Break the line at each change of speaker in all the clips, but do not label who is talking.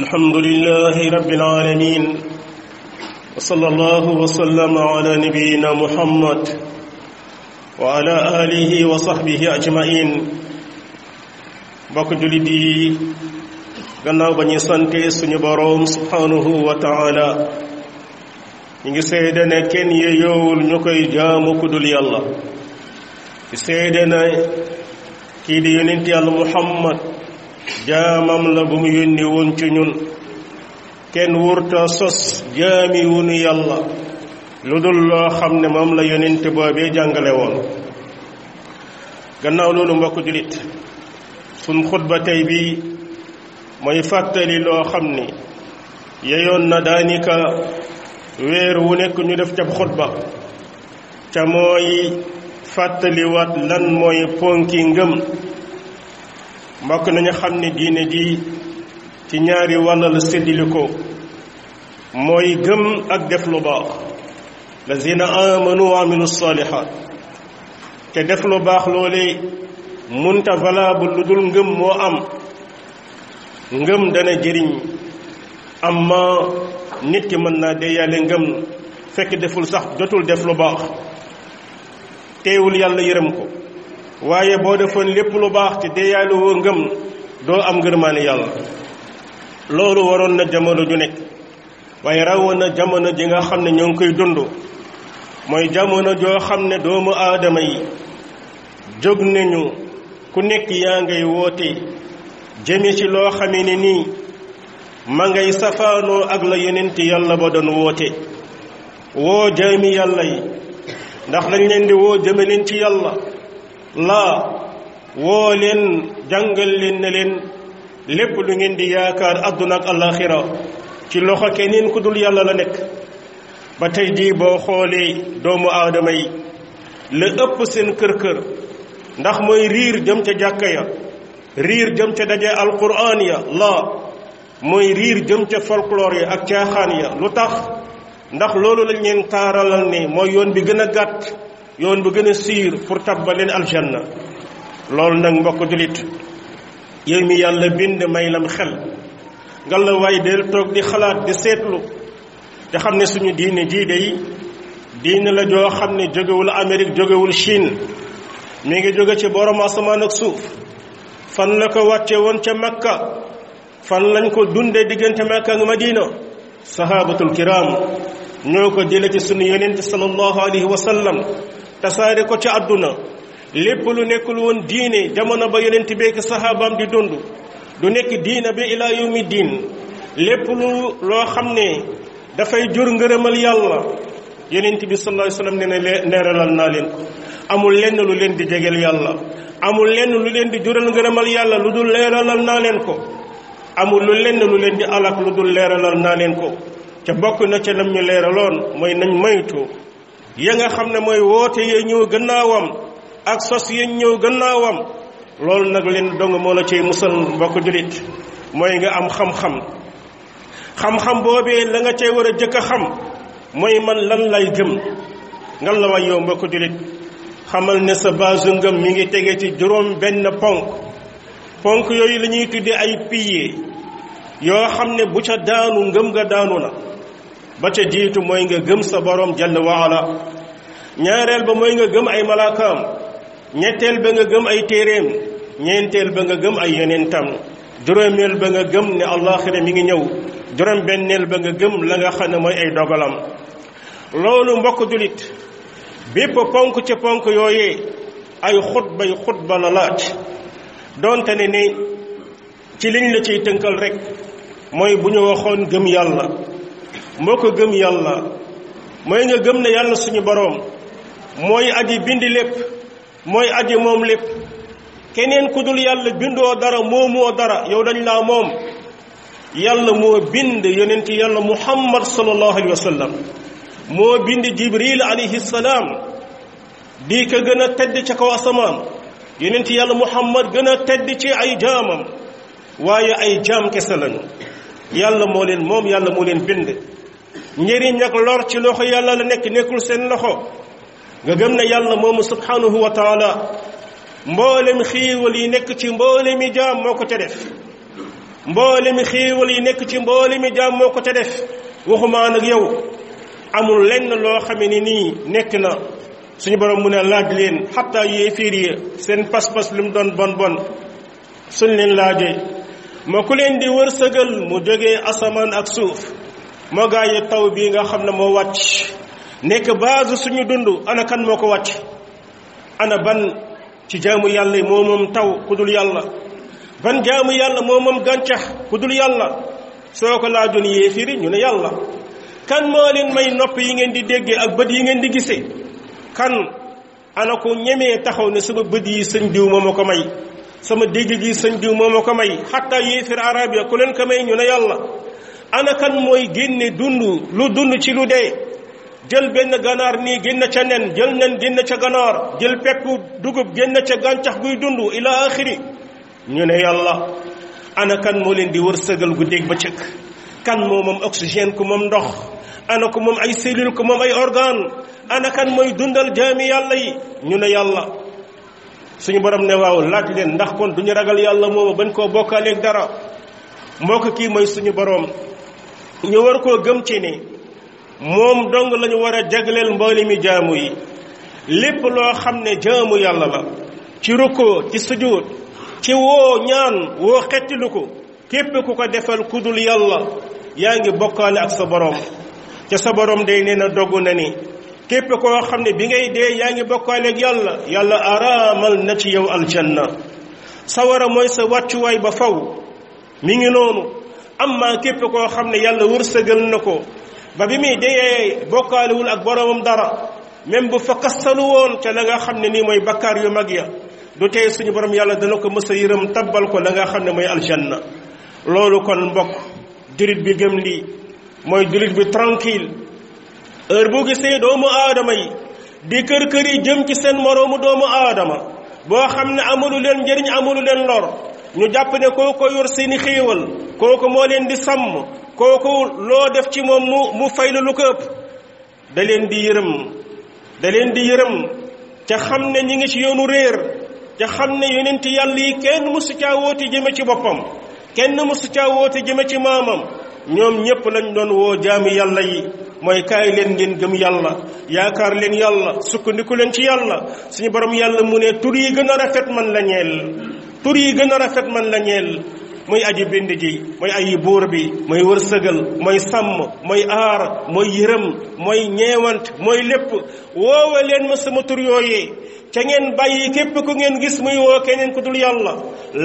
الحمد لله رب العالمين وصلى الله وسلم على نبينا محمد وعلى آله وصحبه أجمعين بكو جلدي غناو بني سانتي سنبارهم سبحانه وتعالى ñi سيدنا kenn yeyowul ñu koy jaamu ku dul yàlla ki seedene jaamam la bu mu yónni woon ci ñun kenn wurta sos jaami wunu yàlla lu dul loo xam ne moom la yonente boobee jàngale woon gannaaw loolu mbokk julit sun xutba tey bii mooy fàttali loo xam ni yeyoon na daanika weer wu nekk ñu def cab xutba ca mooy fàttali waat lan mooy ponki ngëm mbokk nañu xam ne diine ji ci ñaari wàll la séddili ko mooy gëm ak def lu baax lazina amanu wa amilu te def lu baax loole munta valable lu dul ngëm moo am ngëm dana jëriñ amma nit ki mën naa deeyaale ngëm fekk deful sax jotul def lu baax teewul yàlla yërëm ko waaye boo defoon lépp lu baax ci deeyaale woo ngëm doo am ngërmaane yàlla loolu waroon na jamono ju nekk waaye rawoon na jamono ji nga xam ne ñoo ngi koy dund mooy jamono joo xam ne doomu aadama yi jóg nañu ku nekk yaa ngay woote jëme ci loo xame ne nii ma ngay safaanoo ak la yonent yàlla ba doon woote woo jaami yàlla yi ndax dañ leen di woo jëme leen ci yàlla la woo leen jàngal leen ne leen lépp lu ngeen di yaakaar àdduna ak alaxira ci loxo keneen ku dul yàlla la nekk ba tey jii boo xoolee doomu aadama yi la ëpp seen kër-kër ndax mooy riir jëm ca jàkka ya riir jëm ca daje alquran ya la mooy riir jëm ca folklore ya ak caaxaan ya lu tax ndax loolu lañ leen taaralal ne moo yoon bi gën a gàtt yoon bu gën a siir pour ba leen aljanna loolu nag mbokk jullit yow mi yàlla bind may lam xel nga la waay del toog di xalaat di seetlu te xam ne suñu diine jii day diine la joo xam ne jógewul amerig jógewul Chine mu ngi jóge ci borom asamaan ak suuf fan la ko wàcce woon ca Makka fan lañ ko dundee diggante Makka ak Madina sahabatul kiram ñoo ko jële ci sunu yonente sallallahu alayhi wa sallam tasaare ko ci àdduna lépp lu nekkul woon diine jamono ba yonent beek saxaabaam di dund du nekk diina bi ilaa yawmi diin lépp lu loo xam ne dafay jur ngërëmal yàlla yonent bi sallallahu alayhi wasallam ne ne leeralal naa leen ko amul lenn lu leen di jegeel yàlla amul lenn lu leen di jural ngërëmal yàlla lu dul leeralal naa leen ko amul lu lenn lu leen di alak lu dul leeralal naa leen ko ca bokk na ca lam ñu leeraloon mooy nañ moytu ya nga xam ne mooy woote ya ñëw gannaawam ak sos ya ñëw gannaawam loolu nag leen dong moo la cay musal mbokk jullit mooy nga am xam-xam xam-xam boobee la nga cee war a jëkk a xam mooy man lan lay gëm ngan la way yow mbokk jullit xamal ne sa baasu ngëm mi ngi tege ci juróom benn ponk ponk yooyu lañuy ñuy tuddee ay piliers yoo xam ne bu ca daanu ngëm ga daanu na ba ca jiitu mooy nga gëm sa borom jalla waala ñaareel ba mooy nga gëm ay malaakaam ñetteel ba nga gëm ay téereem ñeenteel ba nga gëm ay yonentam juróomeel ba nga gëm ne allaaxira mi ngi ñëw juróom benneel ba nga gëm la nga xam ne mooy ay dogalam loolu mbokk julit bépp ponk ca ponk yooyee ay xutbay xutba la laaj doonte ne ne ci liñ la ciy tënkal rekk mooy bu ñu waxoon gëm yàlla moo ko gëm yàlla mooy nga gëm na yàlla suñu boroom mooy aji bind lépp mooy aji moom lépp keneen ku dul yàlla bindoo dara moomoo dara yow dañ laa moom yàlla moo bind ci yàlla muhammad sallallahu alayhi wa sallam moo bind jibril alayhi salaam di ko gën a tedd ci kaw asamaan ci yàlla muhammad gën a tedd ci ay jaamam waaye ay jaam kese lañu yàlla moo leen moom yàlla moo leen bind njëriñ ak lor ci loxo yàlla la nekk nekkul seen loxo nga gëm ne yàlla moomu subhanahu wa taala mboolem xiiwal yi nekk ci mboolemi jaam moo ko ca def mboolemi xiiwal yi nekk ci mboolemi jaam moo ko ca def waxumaa nag yow amul lenn loo xame ni nii nekk na suñu borom mu ne laaj leen xataa yéefiir yi seen pas-pas lu mu doon bon bon suñ leen laajee moo ku leen di wërsëgal mu jógee asamaan ak suuf moo gaañu taw bii nga xam ne moo wàcc nekk base suñu dund ana kan moo ko wàcc ana ban ci jaamu yàlla moo moom taw ku dul yàlla ban jaamu yàlla moo moom gàncax ku dul yàlla soo ko laajoon yéefiri ñu ne yàlla kan moo leen may nopp yi ngeen di déggee ak bët yi ngeen di gise kan ana ko ñemee taxaw ne sama bët yi sëñ diw moom ma ko may sama dégg gi sëñ diw moom ma ko may xattaa yéefir arab ku leen ko may ñu ne yàlla ana mooy génne dund lu dund ci lu dee jël benn ganaar nii génn ca nen jël nen génn ca ganaar jël peppu dugub génn ca gàncax guy dund ila axiri ñu ne yàlla ana moo leen di wërsëgal guddeeg ba cëkk kan moo moom oxygène ku moom ndox ana ko moom ay cellule ku moom ay organe ana mooy dundal jaami yàlla yi ñu ne yàlla suñu borom ne waaw laaj leen ndax kon duñu ragal yàlla moomu bañ koo bokkaaleeg dara mbokk kii mooy suñu boroom ñu war koo gëm ci ni moom dong lañu war a jagleel mboolimi jaamu yi lépp loo xam ne jaamu yàlla la ci rukko ci sujuut ci woo ñaan woo xettilu ko képp ku ko defal kudul yàlla yaa ngi bokkaale ak sa borom ca sa borom day ne na dogu na ni képp koo xam ne bi ngay dee yaa ngi bokkaale ak yàlla yàlla araamal na ci yow aljanna sawara mooy sa wàccuwaay ba faw mi ngi noonu am amma képp koo xam ne yàlla wërsëgal na ko ba bi muy deyee bokkaalewul ak boroomam dara même bu fa kastalu woon ca la nga xam ne nii mooy bakkaar yu mag ya du tey suñu borom yàlla dana ko mës yërëm tabbal ko la nga xam ne mooy aljanna loolu kon mbokk jurit bi gëm lii mooy jurit bi tranquille heure boo gisee doomu aadama yi di kër kër yi jëm ci seen moroomu doomu aadama boo xam ne amulu leen njëriñ amulu leen lor ñu jàpp ne kooku yor seeni xéewal kooku moo leen di sàmm kooku loo def ci moom mu mu fay lu ko ëpp da leen di yërëm da leen di yërëm ca xam ne ñi ngi ci yoonu réer ca xam ne yonent yàlla yi kenn musu caa woti jëme ci boppam kenn musu caa woti jëme ci maamam ñoom ñepp lañ doon woo jaami yàlla yi mooy kaay leen ngeen gëm yàlla yaakaar leen yàlla sukkandiku leen ci yàlla suñu borom yàlla mu ne tur yi gën a rafet man la ñeel tur yi gën a rafet man la ñeel mooy aji bind ji mooy ayi buur bi mooy wërsëgal mooy sàmm mooy aar mooy yërëm mooy ñeewant mooy lépp woowe leen ma sama tur yooyee ca ngeen bàyyi képp ku ngeen gis muy woo keneen ku dul yàlla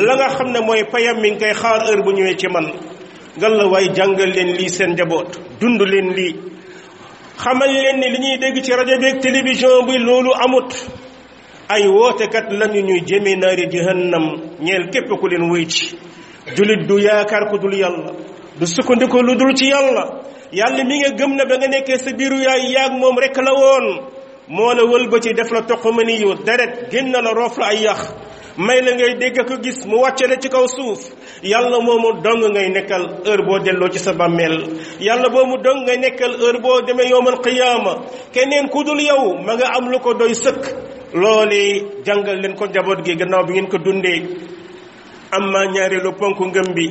la nga xam ne mooy payam mi ngi koy xaar heure bu ñëwee ci man ngal la waaye jàngal leen lii seen njaboot dund leen lii xamal leen ni li ñuy dégg ci rajo beeg télévision bi loolu amut ay wootekat lañu ñuy jëmee naari jahannam ñeel képp ku leen wuy ci jullit du yaakaar ko dul yàlla du sukkandiku lu dul ci yàlla yàlla mi nga gëm na ba nga nekkee sa biiru yaay yaag moom rek la woon moo la wëlbati def la ma toqamani yu deret génn la roof la ay yax may la ngay dégg ko gis mu wàcce la ci kaw suuf yàlla moomu dong ngay nekkal heure boo delloo ci sa bàmmeel yàlla boo mu dong ngay nekkal heure boo demee yowmal qiyaama keneen ku dul yow ma nga am ko doy sëkk lool jàngal leen ko njaboot gi gannaaw bi ngeen ko dundee am ma ñaareelu ponk ngëm bi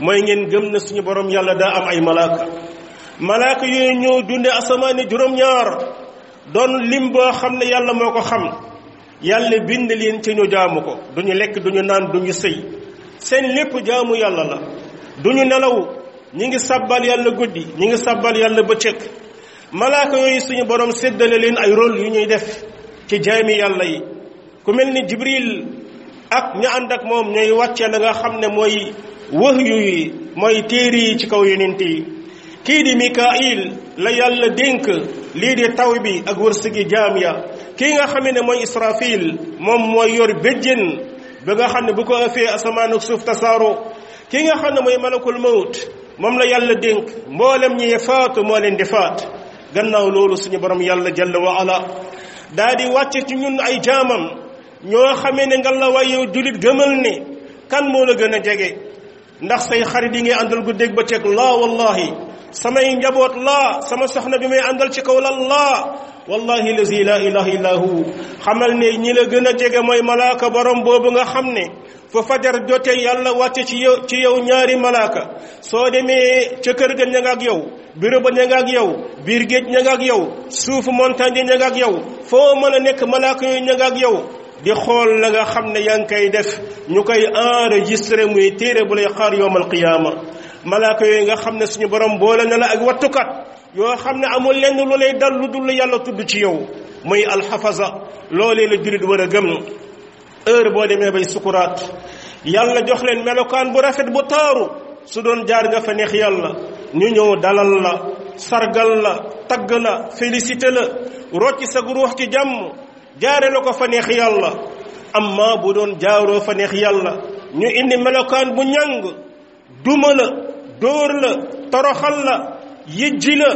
mooy ngeen gëm na suñu borom yàlla daa am ay malaaka malaaka yooyu ñëw dundee asamaani juróom-ñaar doon lim boo xam ne yàlla moo ko xam yàlla bind leen ci ñu jaamu ko duñu lekk duñu naan duñu sëy seen lépp jaamu yàlla la duñu nelaw ñu ngi sabbal yàlla guddi ñu ngi sabbal yàlla bëccëg malaaka yooyu suñu borom séddale leen ay rôle yu ñuy def ci jaami yàlla yi ku mel ni jibril ak ña ànd ak moom ñooy wàcce la nga xam ne mooy wahyu yi mooy téere yi ci kaw yonent yi kii di mikail la yàlla dénk lii di taw bi ak wërsëgi jaam ya kii nga xam ne mooy israfil moom mooy yor béjjén ba nga xam ne bu ko ëffee asamaan ak suuf tasaaro kii nga xam ne mooy malakul mawt moom la yàlla dénk mboolem ñi faatu moo leen di faat gannaaw loolu suñu borom yàlla jalla wa daa di wàcce ci ñun ay jaamam ñoo xamee ne nga la waay yow jullit gëmal ne kan moo la gën a jege ndax say xarit yi ngay àndal guddeeg bëccëg laa wallahi samay njaboot laa sama soxna bi may àndal ci kaw lal laa wallahi lazi la ilaha illa hu xamal ne ñi la gën a jege mooy malaaka borom boobu nga xam ne fa fajar jote yàlla wàcce ci yow ci yow ñaari malaaka soo demee ca kër ga ña nga ak yow bureau ba ña nga ak yow biir géej ña ak yow suufu montagne ña ak yow foo mën a nekk malaaka yooyu ña nga ak yow di xool la nga xam ne yaa ngi koy def ñu koy enregistré muy téere bu lay xaar yowmal qiyaama malaaka yooyu nga xam ne suñu borom boole na la ak wattukat yoo xam ne amul lenn lu lay dal lu dul yàlla tudd ci yow mooy alxafaza loolee la jullit war a gëm heure boo demee bay sukuraat yàlla jox leen melokaan bu rafet bu taaru su doon jaar nga fa neex yàlla ñu ñëw dalal la sargal la tagg la félicité la rocci sa ruux ci jàmm jaare la ko fa neex yàlla amma bu doon jaaroo fa neex yàlla ñu indi melokaan bu njàng duma la dóor la toroxal la yëjji la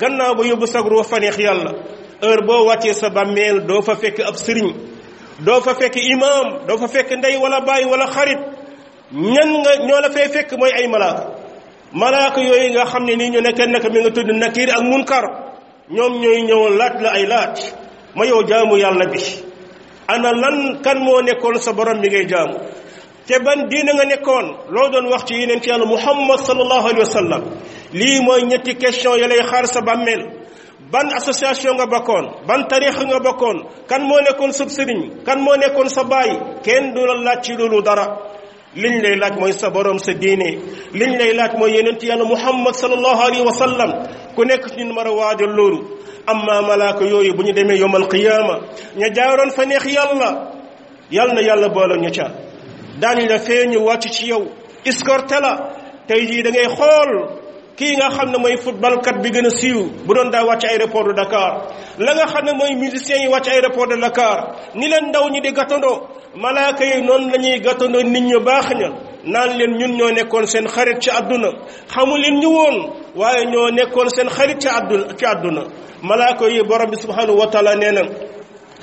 gannaaw ba yóbbu sag ruux faneex yàlla heure boo wàccee sa bàmmeel doo fa fekk ab sëriñ doo fa fekk imaam doo fa fekk ndey wala baay wala xarit ñan nga ñoo la fay fekk mooy ay malaaka malaaka yooyu nga xam ne nii ñu nekkee naka mi nga tudd nakiir ak munkar ñoom ñooy ñëw laaj la ay laaj ma yow jaamu yàlla bi ana lan kan moo nekkoon sa borom bi ngay jaamu te ban diina nga nekkoon loo doon wax ci yeneen ci yàlla muhammad sallallahu alayhi wa sallam lii mooy ñetti question ya lay xaar sa bàmmeel ban association nga bokkoon ban tarix nga bokkoon kan moo nekkoon sa sëriñ kan moo nekkoon sa baay kenn du la laaj ci loolu dara liñ lay laaj mooy sa borom sa diine liñ lay laaj mooy yeneen yenent yàlla muhammad sallallahu alayhi wa sallam ku nekk ci ñun war a waajal loolu amma malaaka yooyu bu ñu demee yowmal qiyaama ña jaaroon fa neex yàlla yàlla na yàlla boole ñu ca daañu la ñu wàcc ci yow escorté la tey jii da ngay xool kii nga xam ne mooy footballkat bi gën a siiw bu doon daa wàcc aéroport de Dakar la nga xam ne mooy musiciens yi wàcc aéroport de Dakar ni leen ndaw ñi di gàttandoo malaaka yi noonu la ñuy gàttandoo nit ñi baax ña naan leen ñun ñoo nekkoon seen xarit ci àdduna xamu leen ñu woon waaye ñoo nekkoon seen xarit ci àdduna ci àdduna malaaka yi borom bi subhanahu wa taala nee na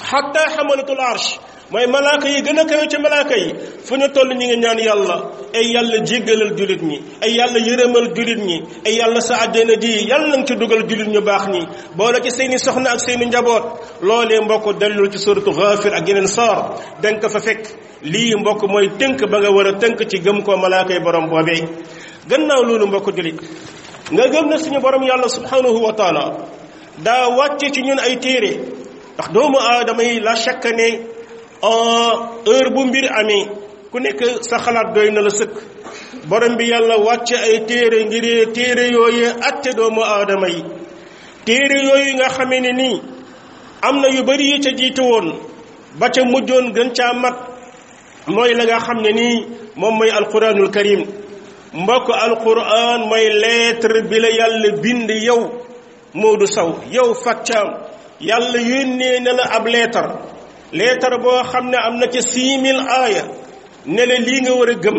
xatta xamalatul arsh mooy malaaka yi gën a kawe ci malaaka yi fu ñu toll ñi ngi ñaan yàlla ay yàlla jéggalal jullit ñi ay yàlla yërëmal jullit ñi ay yàlla sa àjjana ji yàlla na ci dugal jullit ñu baax ñi boole ci seeni soxna ak seeni njaboot loolee mbokk dellul ci suratu Ghafir ak geneen soor danga ko fa fekk lii mbokk mooy tënk ba nga war a tënk ci gëm koo malaaka yi borom boobee gannaaw loolu mbokk jullit nga gëm na suñu borom yàlla subhanahu wa taala daa wàcce ci ñun ndax doomu aadama yi heure bu mbir amee ku nekk sa xalaat doy na la sëkk borom bi yàlla wàcc ay téere ngir téere yooyu doomu aadama yi téere yooyu nga xamee ne nii am na yu bari yu ca jiitu woon ba ca mujjoon gën ca mat mooy la nga xam ne nii moom mooy alquranul karim mbokk alquran mooy lettre bi la yàlla bind yow Moodu Saw yow Fath Thiam yàlla yónnee na la ab lettre leetar boo xam ne am na ca six mille aaya ne la lii nga war a gëm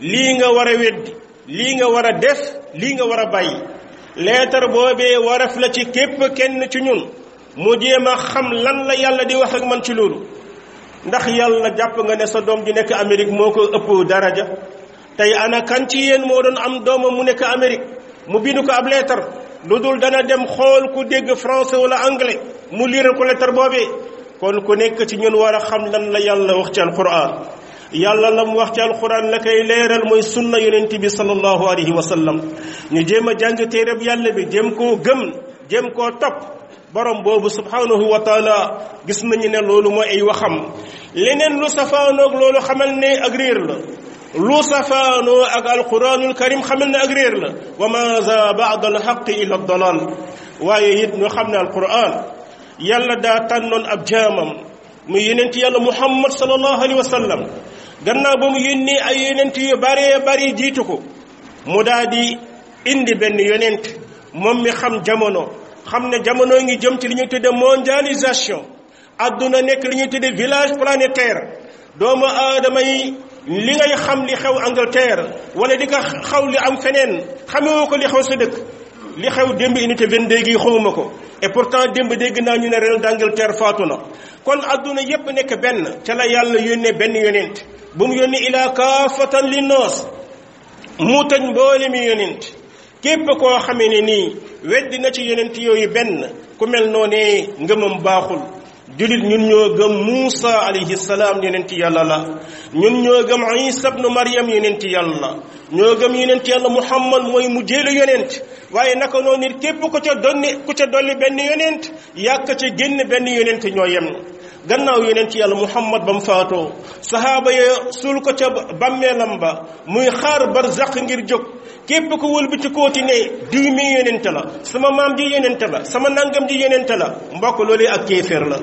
lii nga war a weddi lii nga war a def lii nga war a bàyyi leetar boobee waraf la ci képp kenn ci ñun mu jéem a xam lan la yàlla di wax ak man ci loolu ndax yàlla jàpp nga ne sa doom ji nekk Amérique moo ko ëpp daraja tey ana kan ci yéen moo doon am doomam mu nekk Amérique mu bindu ko ab leetar lu dul dana dem xool ku dégg français wala anglais mu liiral ko leetar boobee kon ku nekk ci ñun war a xam lan la yàlla wax ci alquran yàlla lam wax ci alquran la koy leeral mooy sunna yonent bi salallahu alayhi wa sallam ñu jéem a jàng téereb yàlla bi jëm koo gëm jëm koo topp borom boobu subhanahu wa taala gis nañu ne loolu mooy ay waxam leneen lu safaanoog loolu xamal ne ak réer la lu safaanoo ak alquranul karim xamal ne ak réer la wa ma za bad alxaqi ila dalal waaye it ñu xam ne alquran yalla daa tànnoon ab jamam mu yonent yalla muhammad sallallahu alaihi wa ganna gannaaw ba mu yónnee ay yonent yu baree bari jitu ko mu daa di indi benn yonent moom mi xam jamono xam ne jamono ngi jëm ci li ñuy tudde mondialisation aduna nek li ñuy tudde village planétaire doomu aadama yi li ngay xam li xew Angleterre wala di nga xaw li am feneen xamewoo ko li xew sa dëkk li xew démb unité 22 gi xawma ko et pourtant démb dégg naa ñu ne reine d'Angleterre faatu na kon adduna yépp nekk benn ca la yàlla yónnee benn yonent bu mu yónnee ilaa kaafatan li noos mu tëj mboole yonent képp koo xamee ne nii weddi na ci yonent yi benn ku mel noonee ngëmam baaxul julit ñun ñoo gëm Muusa alayhi salaam yonent yàlla la ñun ñoo gëm Isa ibnu Maryam yonent yàlla la ñoo gëm yonent yàlla Muhammad mooy mu jél yonent waaye naka noonu nit képp ku ca donni ku ca dolli benn yonent yàq ca génn benn yonent ñoo yem gannaaw yeneen ci yàlla muhammad ba mu faatoo sahaaba ya suul ko ca bàmmeelam ba muy xaar bar zaq ngir jóg képp ko wëlbati koo ci ne diw mi yenente la sama maam ji yenente la sama nangam ji yenente la mbokk loolee ak kéeféer la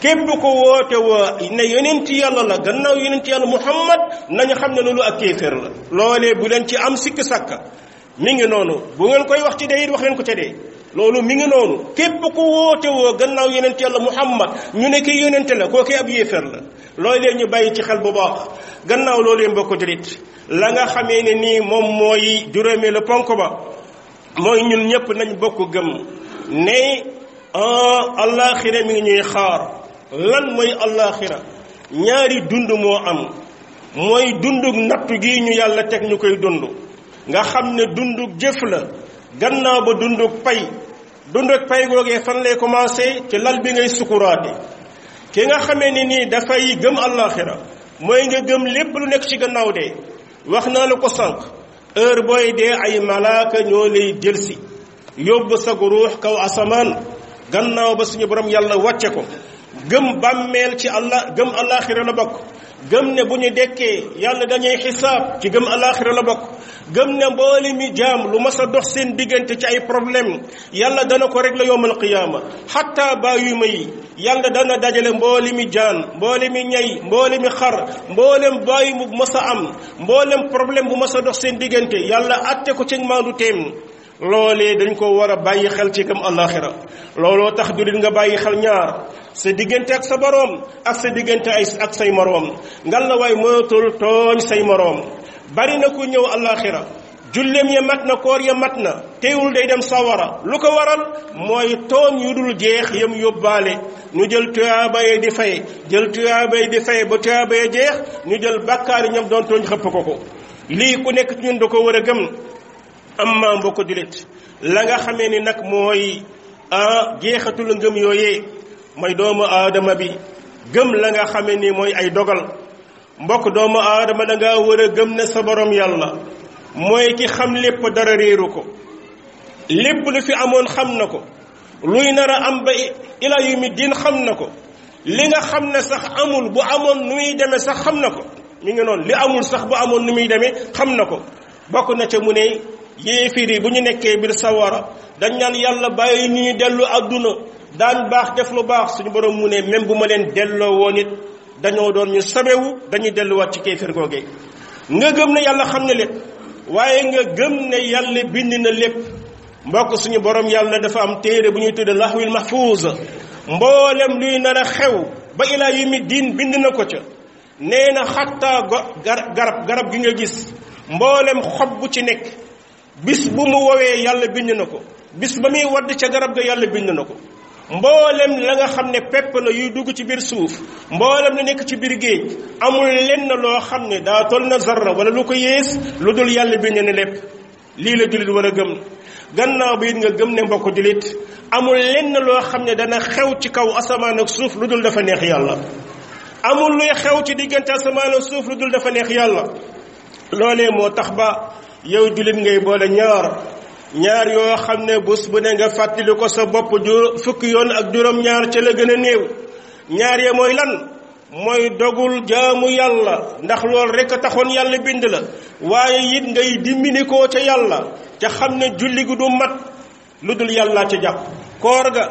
képp ko woote wa ne yonenti yàlla la gannaaw yonenti yàlla muhammad nañu xam ne loolu ak kéeféer la loolee bu leen ci am sikk sàkk mi ngi noonu bu ngeen koy wax ci dee it wax leen ko ca dee loolu mi ngi noonu képp ku woote woo gannaaw yonent yàlla muhammad ñu ne ki yonent la kooku ab yéefar la loolee ñu bàyyi ci xel bu baax gannaaw loolu mbokk julit la nga xamee ne nii moom mooy juróomeelu ponk ba mooy ñun ñëpp nañ bokk gëm ne allaaxira mi ngi ñuy xaar lan mooy allaaxira ñaari dund moo am mooy dundug nattu gi ñu yàlla teg ñu koy dund nga xam ne dundug jëf la gannaaw ba dundug pay dund ak pay googee fan lay commencé ci lal bi ngay sukuraate ki nga xame ni nii dafay gëm allaaxira mooy nga gëm lépp lu nekk ci gannaaw dee wax naa la ko sànq heure booy dee ay malaaka ñoo lay jëlsi yóbbu sag ruux kaw asamaan gannaaw ba suñu borom yàlla wàcce ko gëm bàmmeel ci allah gëm àllaaxira la bokk gëm ne bu ñu dekkee yàlla dañuy xisaab ci gëm alaxira la bokk gëm ne mbooli mi jaam lu ma sa dox seen diggante ci ay problème yàlla dana ko rek la yomal qiyaama xatta bayu ma yi yàlla dana dajale mbooli mi jaan mbooli mi ñay mbooli mi xar mboolem bayu mu ma sa am mboolem problème bu ma sa dox seen diggante yàlla atte ko ceg maandu téem loolee dañ ko war a bàyyi xel ci gëm àllaaxira looloo tax jullit nga bàyyi xel ñaar sa diggante ak sa boroom ak sa diggante ak say moroom ngal la waay moytul tooñ say moroom bari na ko ñëw àllaaxira julleem ya mat na koor ya mat na teewul day dem sawara lu ko waral mooy tooñ yu dul jeex yam yóbbaale ñu jël tuyaaba di fay jël tuyaaba di fay ba tuyaaba yi jeex ñu jël bàkkaar ñam doon tooñ xëpp ko ko lii ku nekk ci ñun da ko war a gëm amma mbokk jullit la nga xamee ni nag mooy ah jeexatul ngëm yooyee mooy doomu aadama bi gëm la nga xamee ni mooy ay dogal mbokk doomu aadama da ngaa war a gëm ne sa borom yàlla mooy ki xam lépp dara réeru ko lépp lu fi amoon xam na ko luy nar a am ba ila yu mi diin xam na ko li nga xam ne sax amul bu amoon nu muy demee sax xam na ko mi ngi noonu li amul sax bu amoon nu muy demee xam na ko bokk na ca mu ne yéefir yi bu ñu nekkee biir sawara dañ naan yàlla bàyyi ñu dellu àdduna daan baax def lu baax suñu borom mu ne même bu ma leen delloo woon it dañoo doon ñu sabewu dañuy delluwaat ci kéefir googee nga gëm ne yàlla xam ne lépp waaye nga gëm ne yàlla bind na lépp mbokk suñu borom yàlla dafa am téere bu ñuy tudde lahwil mahfuuz mboolem luy nar a xew ba ilaa yawmi diin bind na ko ca nee na xattaa garab garab gi nga gis mboolem xob bu ci nekk bis bu mu woowee yàlla bind na ko bis ba muy wadd ca garab ga yàlla bind na ko mboolem la nga xam ne pepp la yuy dugg ci biir suuf mboolem la nekk ci biir géej amul lenn loo xam ne daa na zarra wala lu ko yées lu dul yàlla bind na lépp lii la jullit war a gëm gannaaw bi nga gëm ne mbokk jullit amul lenn loo xam ne dana xew ci kaw asamaan ak suuf lu dul dafa neex yàlla amul luy xew ci diggante asamaan ak suuf lu dul dafa neex yàlla loolee moo tax ba yow jullit ngay boole ñaar ñaar yoo xam ne bés bu ne nga fàttali ko sa bopp ju fukki yoon ak juróom-ñaar ca la gën a néew ñaar ya mooy lan mooy dogul jaamu yàlla ndax loolu rek a taxoon yàlla bind la waaye it ngay dimbali ko ca yàlla ca xam ne julli gi du mat lu dul yàlla ca jàpp koor ga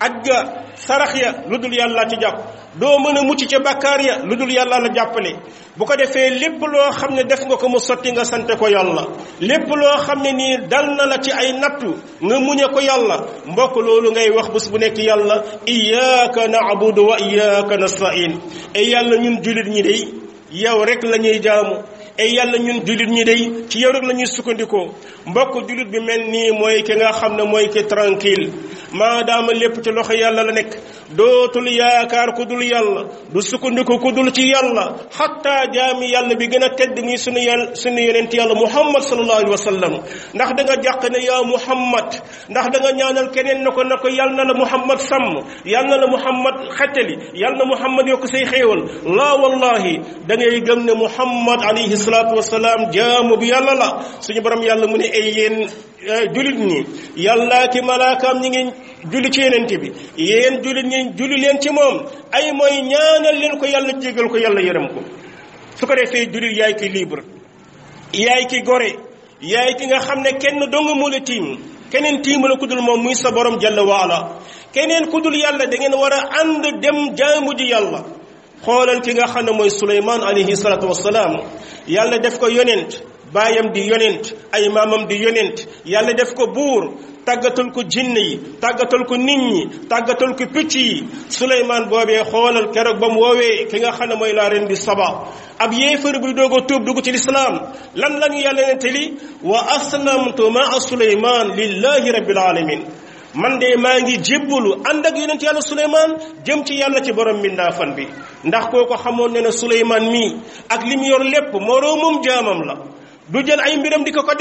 aj ga sarax ya lu dul yàlla ci jàpp doo mën a mucc ca bàkkaar ya lu dul yàlla la jàppale bu ko defee lépp loo xam ne def nga ko mu sotti nga sante ko yàlla lépp loo xam ne nii dal na la ci ay nattu nga muñe ko yàlla mbokk loolu ngay wax bés bu nekk yàlla iyyaka na'budu wa iyyaka nasta'in yàlla ñun jullit ñi dey yow rek lañuy ñuy jaamu ay yàlla ñun jullit ñi day ci yow rek la sukkandikoo mbokk jullit bi mel nii mooy ki nga xam ne mooy ki maa maadaama lépp ci loxo yàlla la nekk dootul yaakaar ku dul yàlla du sukkandiku ku dul ci yàlla xatta jaami yàlla bi gën a tedd muy sunu yàlla sunu yonent yàlla muhammad sallallahu alayhi wa sallam ndax danga jàq ne yaa muhammad ndax danga nga ñaanal keneen na ko na ko yàlla na la muhammad sàmm yàlla na la muhammad xettali yàlla na muhammad yokk say xéewal laa wallahi da ngay gëm ne salaatu salaam jaamu bu yàlla la suñu borom yàlla mu ne ay yéen eh, julit ñi yàlla ki malaakam ñi ngi julli ci yenente bi yéen julit ñi julli leen ci moom ay mooy ñaanal leen ko yàlla jégal ko yàlla yërëm ko su ko defee julit yaay ki libre yaay ki gore yaay ki nga xam ne kenn dong moo la tiim keneen tiimu la ku dul moom muy sa borom jalla waala keneen ku dul yàlla dangeen war a ànd dem jaamu ji yàlla xoolal ki nga xam ne mooy suleymaan alayhi salatu wasalaam yàlla def ko yonent baayam di yonent ay maamam di yonent yàlla def ko buur tàggatal ko jinne yi tàggatal ko nit ñi tàggatal ko picc yi suleymaan boobee xoolal keroog ba mu woowee ki nga xam ne mooy laa ren di saba ab yéefar bu doog a tuub dugg ci lislaam lan la ñu yàlla nettali wa aslamtu maa suleymaan lillahi rabbil alamin man de maa ngi jébbalu ànd ak yonent yàlla suleyman jëm ci yàlla ci borom mi ndaafan bi ndax kooku xamoon ne na suleyman mi, ak li mu yor lépp moroo moom jaamam la du jël ay mbiram di ko ko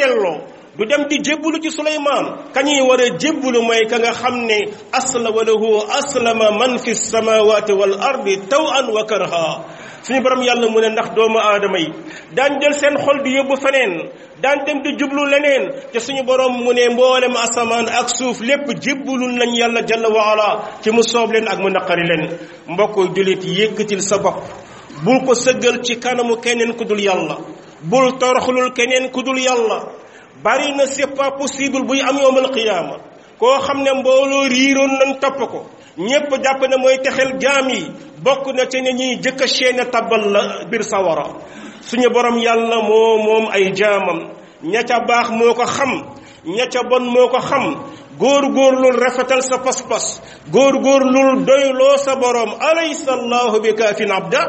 du dem di jébbalu ci suleymaan kañuy war a jébbalu mooy ka nga xam ne asla lahu aslama man fi samawati wal ardi taw an wa karha suñu borom yàlla mu ne ndax doomu aadama yi daan jël seen xol di yóbbu feneen daan dem di jublu leneen te suñu borom mu ne mboolem asamaan ak suuf lépp jébbalul nañ yàlla jalla wa ala ci mu soob leen ak mu naqari leen mbokk julit yëkkatil sa bopp bul ko sëggal ci kanamu keneen ku dul yàlla bul toroxlul keneen ku dul yàlla bari na c'est pas possible buy am yowmal qiyaama koo xam ne mbooloo riiroon nañ topp ko ñépp jàpp ne mooy texel jaam yi bokk na ci ne ñuy jëkk a cheene tabal la biir sawara suñu borom yàlla moo moom ay jaamam ña ca baax moo ko xam ña ca bon moo ko xam góor-góorlul rafetal sa pas-pas góor-góorlul doyloo sa borom alaysa allahu bi kaafin abda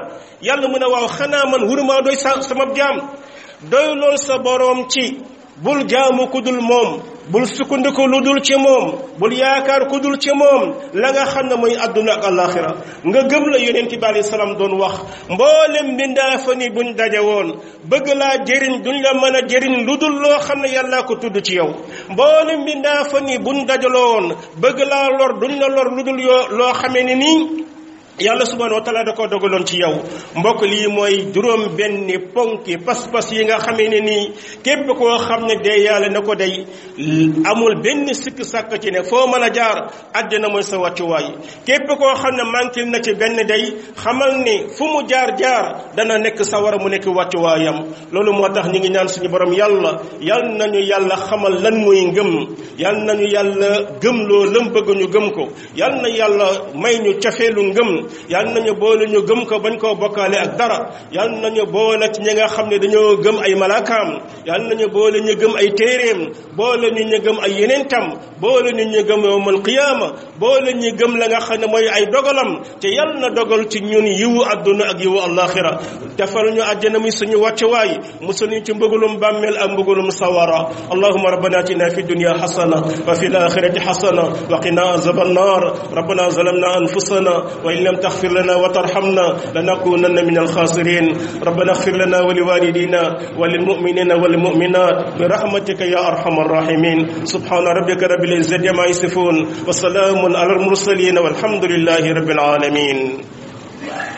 yàlla mu ne waaw xanaa man wurmaa doy sa sama jaam doy lool sa boroom ci bul jaamu ku dul moom bul sukkandiku lu dul ci moom bul yaakaar ku dul ci moom la nga xam ne mooy àdduna ak alaxira nga gëm la yonent bi alei salaam doon wax mboolem mbindaafa ni buñ dajee woon bëgg laa jëriñ duñ la mën a jëriñ lu dul loo xam ne yàllaa ko tudd ci yow mboolem mbindaafa ni buñ loo woon bëgg laa lor duñ la lor lu dul yoo loo xamee ne nii yàlla subhanahu noo taala da koo dogaloon ci yow mbokk lii mooy juróom benn ponk ponki pas-pas yi nga xamee ne nii képp koo xam ne dee yàlla na ko day amul benn sikk sàkk ci ne foo mën a jaar àddina mooy sa wàccuwaay képp koo xam ne manqué na ci benn day xamal ne fu mu jaar jaar dana nekk sawara mu nekk wàccuwaayam loolu moo tax ñu ngi ñaan suñu borom yàlla yal nañu yàlla xamal lan mooy ngëm yàlla na ñu yàlla gëm loo lëm ñu gëm ko yal na yàlla may ñu cafeelu ngëm yal nañu boole ñu gëm ko bañ koo bokkaale ak dara yal nañu boole ci ñi nga xam ne dañoo gëm ay malaakaam yal nañu boole ñu gëm ay téeréem boole ñu ñu gëm ay yeneen tam boole ñu ñu gëm yowmal qiyaama boole ñu gëm la nga xam ne mooy ay dogalam te yal na dogal ci ñun yiwu àdduna ak yiwu àllaaxira defal ñu àjjana muy suñu wàccuwaay musul ñu ci mbugulum bàmmeel ak mbugulum sawara allahumma rabbana atina fi dunya hasana wa fil akhirati hasana wa qina azaban nar أن تغفر لنا وترحمنا لنكونن من الخاسرين ربنا اغفر لنا ولوالدينا وللمؤمنين والمؤمنات برحمتك يا أرحم الراحمين سبحان ربك رب العزة ما يصفون وسلام على المرسلين والحمد لله رب العالمين